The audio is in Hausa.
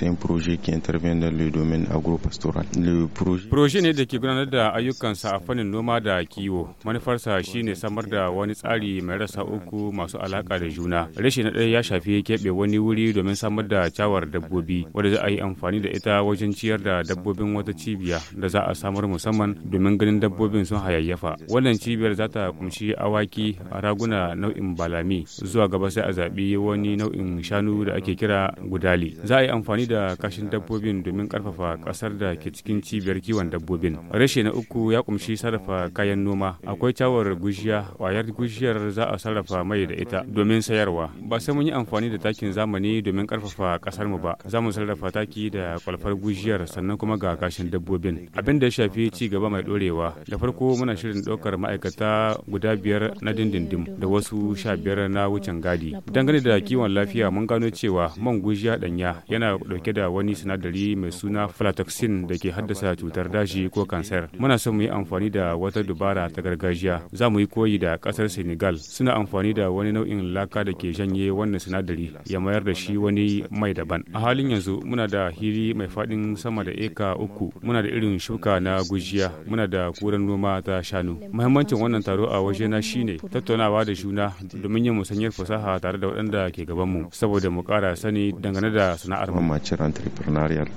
c'est un projet qui intervient dans le domaine agropastoral. Le projet projet ne da ke gudanar da ayyukansa a fannin noma da kiwo. Manufarsa shine samar da wani tsari mai rasa uku masu alaka da juna. rashin na ɗaya ya shafi keɓe wani wuri domin samar da cawar dabbobi wadda za a yi amfani da ita wajen ciyar da dabbobin wata cibiya da za a samar musamman domin ganin dabbobin sun hayayyafa. Wannan cibiyar za ta kumshi awaki, a raguna nau'in balami zuwa gaba sai a zaɓi wani nau'in shanu da ake kira gudali. Za a yi amfani da kashin dabbobin domin karfafa kasar da ke cikin cibiyar kiwon dabbobin rashe na uku ya kumshi sarrafa kayan noma akwai cawar gushiya wayar gushiyar za a sarrafa mai da ita domin sayarwa ba sai mun yi amfani da takin zamani domin karfafa kasar mu ba za mu sarrafa taki da kwalfar gushiyar sannan kuma ga kashin dabbobin abin da ya shafi ci gaba mai dorewa da farko muna shirin ɗaukar ma'aikata guda biyar na dindindim da wasu sha biyar na wucin gadi dangane da kiwon lafiya mun gano cewa man gujiya ɗanya yana dauke da wani sinadari mai suna flatoxin da ke haddasa cutar daji ko kansar muna son mu yi amfani da wata dubara ta gargajiya za mu yi koyi da kasar senegal suna amfani da wani nau'in laka da ke janye wannan sinadari ya mayar da shi wani mai daban a halin yanzu muna da hiri mai faɗin sama da eka uku muna da irin shuka na gujiya muna da kuran noma ta shanu muhimmancin wannan taro a waje na shine tattaunawa da juna domin yin musanyar fasaha tare da waɗanda ke gabanmu saboda mu ƙara sani dangane da sana'ar mu era entreprenarial